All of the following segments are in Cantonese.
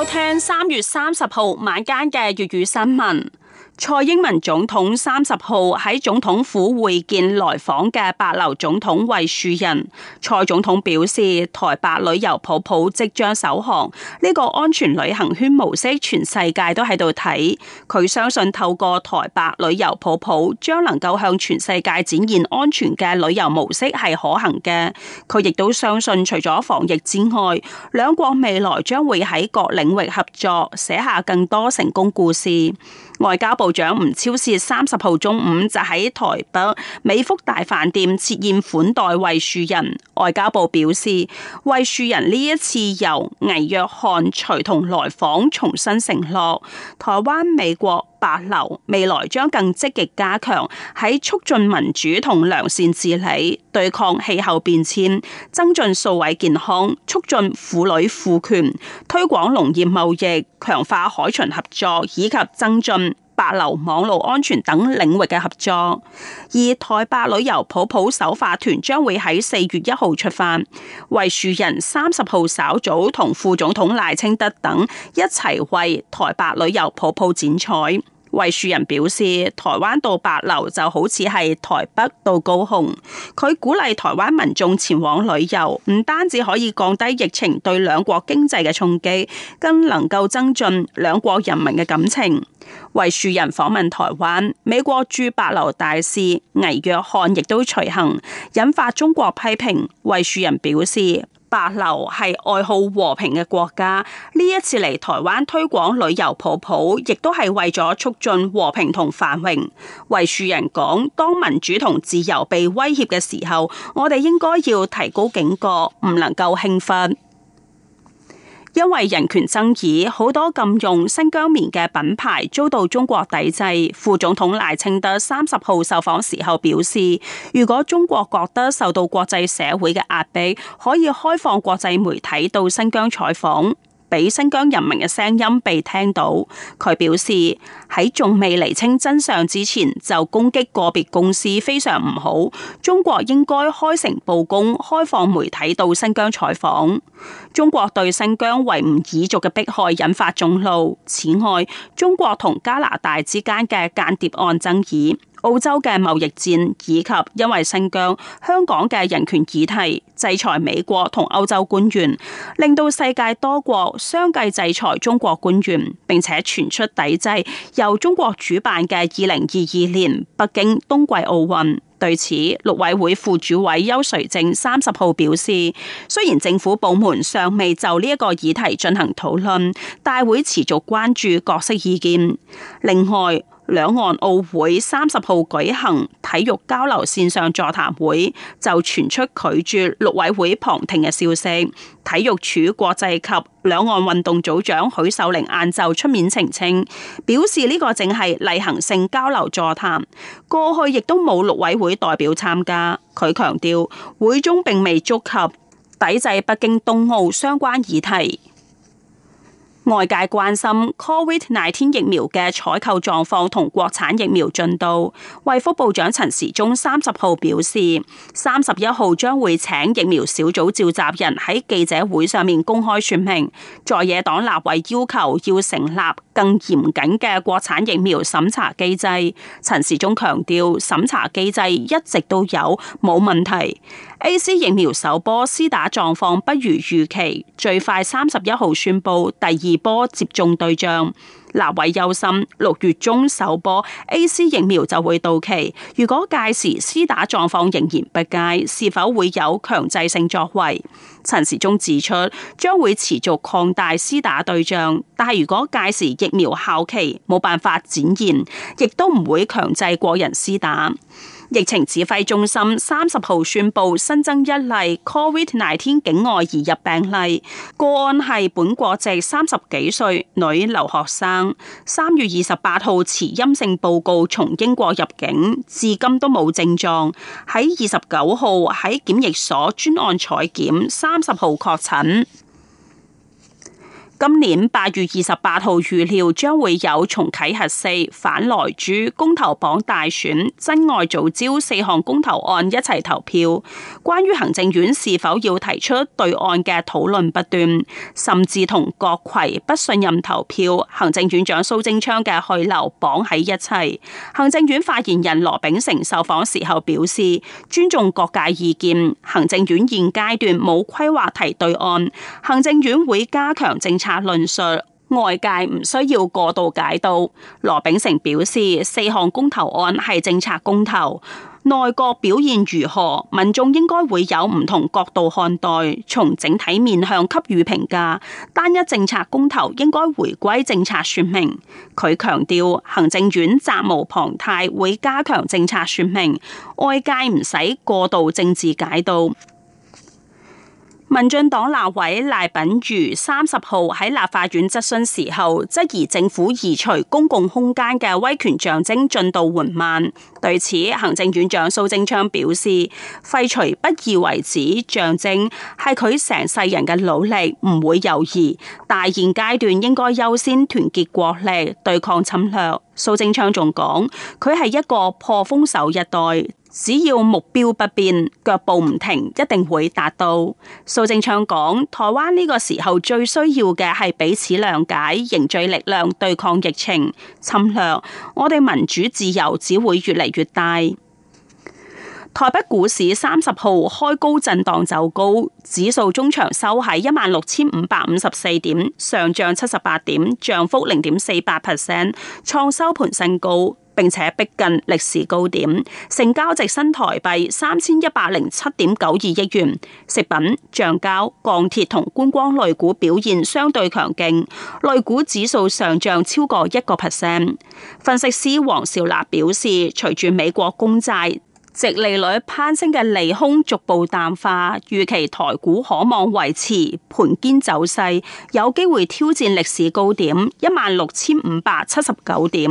收聽三月三十號晚間嘅粵語新聞。蔡英文總統三十號喺總統府會見來訪嘅帛琉總統惠恕仁。蔡總統表示，台帛旅遊泡泡即將首航，呢、這個安全旅行圈模式全世界都喺度睇。佢相信透過台帛旅遊泡泡，將能夠向全世界展現安全嘅旅遊模式係可行嘅。佢亦都相信，除咗防疫之外，兩國未來將會喺各領域合作寫下更多成功故事。外交部。部長吳釗燮三十號中午就喺台北美福大飯店設宴款待惠恕仁。外交部表示，惠恕仁呢一次由倪約翰隨同來訪，重新承諾台灣美國帛琉未來將更積極加強喺促進民主同良善治理、對抗氣候變遷、增進數位健康、促進婦女賦權、推廣農業貿易、強化海巡合作以及增進。帛琉、網路安全等領域嘅合作。而台帛旅遊泡泡首發團將會喺四月一號出發，惠恕仁三十號稍早同副總統賴清德等一齊為台帛旅遊泡泡剪彩。惠恕仁表示，台灣到帛琉就好似係台北到高雄。佢鼓勵台灣民眾前往旅遊，唔單止可以降低疫情對兩國經濟嘅衝擊，更能夠增進兩國人民嘅感情。惠恕仁訪問台灣，美國駐帛琉大使倪約翰亦都隨行，引發中國批評。惠恕仁表示。帛琉係愛好和平嘅國家，呢一次嚟台灣推廣旅遊泡泡，亦都係為咗促進和平同繁榮。惠恕仁講，當民主同自由被威脅嘅時候，我哋應該要提高警覺，唔能夠興奮。因為人權爭議，好多禁用新疆棉嘅品牌遭到中國抵制。副總統賴清德三十號受訪時候表示，如果中國覺得受到國際社會嘅壓迫，可以開放國際媒體到新疆採訪。俾新疆人民嘅聲音被聽到，佢表示喺仲未厘清真相之前就攻擊個別公司非常唔好。中國應該開誠布公，開放媒體到新疆採訪。中國對新疆維吾爾族嘅迫害引發眾怒。此外，中國同加拿大之間嘅間諜案爭議澳洲嘅貿易戰，以及因為新疆香港嘅人權議題，制裁美國同歐洲官員，令到世界多國相繼制裁中國官員，並且傳出抵制由中國主辦嘅二零二二年北京冬季奧運。對此，陸委會副主委邱瑞正三十號表示，雖然政府部門尚未就呢一個議題進行討論，但會持續關注各式意見。另外，兩岸奧會三十號舉行體育交流線上座談會，就傳出拒絕陸委會旁聽嘅消息。體育署國際及兩岸運動組長許秀玲晏晝出面澄清，表示呢個淨係例行性交流座談，過去亦都冇陸委會代表參加。佢強調，會中並未觸及抵制北京冬奧相關議題。外界關心 COVID-19 疫苗嘅採購狀況同國產疫苗進度，衛福部長陳時中三十號表示，三十一號將會請疫苗小組召集人喺記者會上面公開說明。在野黨立委要求要成立更嚴謹嘅國產疫苗審查機制，陳時中強調審查機制一直都有冇問題。AZ 疫苗首波施打狀況不如預期，最快三十一號宣布第二波接種對象，立委憂心六月中首波 AZ 疫苗就會到期，如果屆時施打狀況仍然不佳，是否會有強制性作為？陳時中指出，將會持續擴大施打對象，但係如果屆時疫苗效期冇辦法展現，亦都唔會強制國人施打。疫情指揮中心三十號宣布，新增一例 Covid 廿天境外移入病例，個案係本國籍三十幾歲女留學生，三月二十八號持陰性報告從英國入境，至今都冇症狀，喺二十九號喺檢疫所專案採檢，三十號確診。今年八月二十八號預料將會有重啟核四、反萊豬、公投綁大選、珍愛藻礁四項公投案一齊投票。關於行政院是否要提出對案嘅討論不斷，甚至同國葵不信任投票、行政院長蘇貞昌嘅去留綁喺一齊。行政院發言人羅炳成受訪時候表示，尊重各界意見，行政院現階段冇規劃提對案，行政院會加強政策。論述，外界唔需要過度解讀。羅秉成表示，四項公投案係政策公投，內閣表現如何，民眾應該會有唔同角度看待，從整體面向給予評價。單一政策公投應該回歸政策說明。佢強調，行政院責無旁貸會加強政策說明，外界唔使過度政治解讀。民進黨立委賴品妤三十號喺立法院質詢時候，質疑政府移除公共空間嘅威權象徵進度緩慢。對此，行政院長蘇貞昌表示，廢除不義為止象徵係佢成世人嘅努力，唔會猶豫。大現階段應該優先團結國力對抗侵略。蘇貞昌仲講，佢係一個破風手。一代。只要目標不變，腳步唔停，一定會達到。蘇貞昌講：台灣呢個時候最需要嘅係彼此諒解，凝聚力量對抗疫情侵略。我哋民主自由只會越嚟越大。台北股市三十號開高震盪走高，指數中長收喺一萬六千五百五十四點，上漲七十八點，漲幅零點四八 percent，創收盤新高。並且逼近歷史高點，成交值新台幣三千一百零七點九二億元。食品、橡膠、鋼鐵同觀光類股表現相對強勁，類股指數上漲超過一個 percent。分析師黃兆立表示，隨住美國公債殖利率攀升嘅利空逐步淡化，預期台股可望維持盤堅走勢，有機會挑戰歷史高點一萬六千五百七十九點。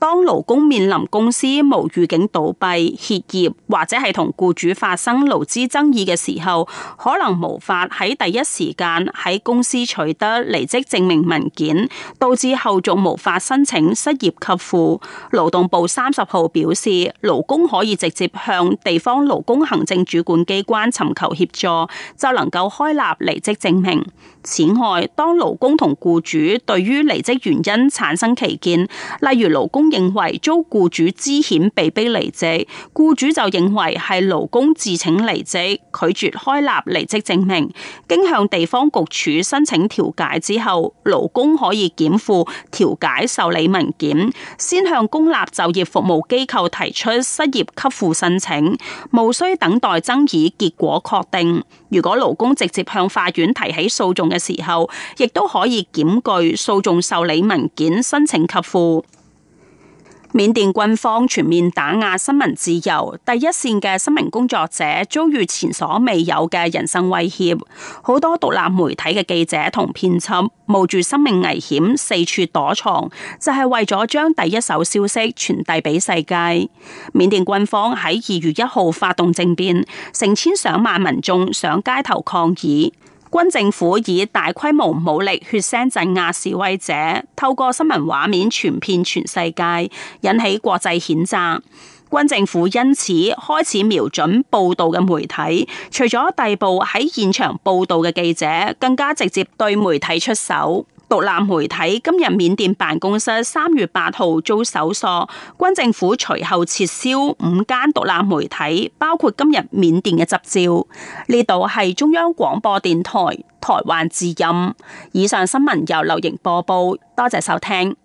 當勞工面臨公司無預警倒閉、歇業，或者係同雇主發生勞資爭議嘅時候，可能無法喺第一時間喺公司取得離職證明文件，導致後續無法申請失業給付。勞動部三十號表示，勞工可以直接向地方勞工行政主管機關尋求協助，就能夠開立離職證明。此外，當勞工同雇主對於離職原因產生歧見，例如勞工認為遭雇主資險被逼離職，雇主就認為係勞工自請離職，拒絕開立離職證明。經向地方局處申請調解之後，勞工可以檢附調解受理文件，先向公立就業服務機構提出失業給付申請，無需等待爭議結果確定。如果勞工直接向法院提起訴訟嘅時候，亦都可以檢具訴訟受理文件申請給付。緬甸軍方全面打壓新聞自由，第一線嘅新聞工作者遭遇前所未有嘅人身威脅，好多獨立媒體嘅記者同編輯冒住生命危險四處躲藏，就係為咗將第一手消息傳遞俾世界。緬甸軍方喺二月一號發動政變，成千上萬民眾上街頭抗議。軍政府以大規模武力血腥鎮壓示威者，透過新聞畫面傳遍全世界，引起國際譴責。軍政府因此開始瞄準報道嘅媒體，除咗逮捕喺現場報道嘅記者，更加直接對媒體出手。獨立媒體今日緬甸辦公室三月八號遭搜索，軍政府隨後撤銷五間獨立媒體，包括今日緬甸嘅執照。呢度係中央廣播電台台灣之音。以上新聞由劉瑩播報，多謝收聽。